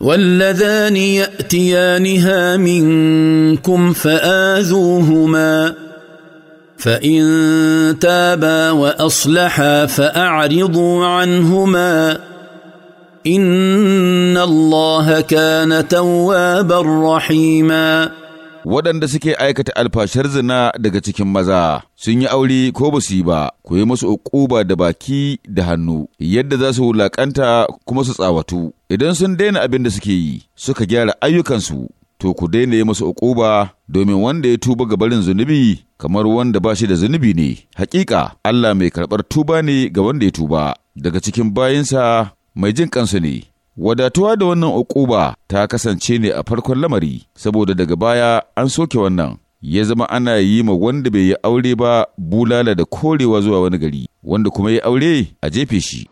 واللذان ياتيانها منكم فاذوهما فان تابا واصلحا فاعرضوا عنهما ان الله كان توابا رحيما waɗanda suke aikata alfashar zina daga cikin maza sun yi aure ko ba su yi ba ku yi musu uquba da baki da hannu yadda za su wulaƙanta kuma su tsawatu idan sun daina abin da suke yi suka gyara ayyukansu to ku daina yi musu uquba domin wanda ya tuba ga barin zunubi kamar wanda ba shi da zunubi ne haƙiƙa Allah mai karɓar tuba ne ga wanda ya tuba daga cikin bayinsa mai jin kansu ne Wadatuwa da wannan ukuba ta kasance ne a farkon lamari, saboda daga baya an soke wannan, ya zama ana yi ma wanda bai yi aure ba bulala da korewa zuwa wani gari, wanda kuma ya aure a jefe shi.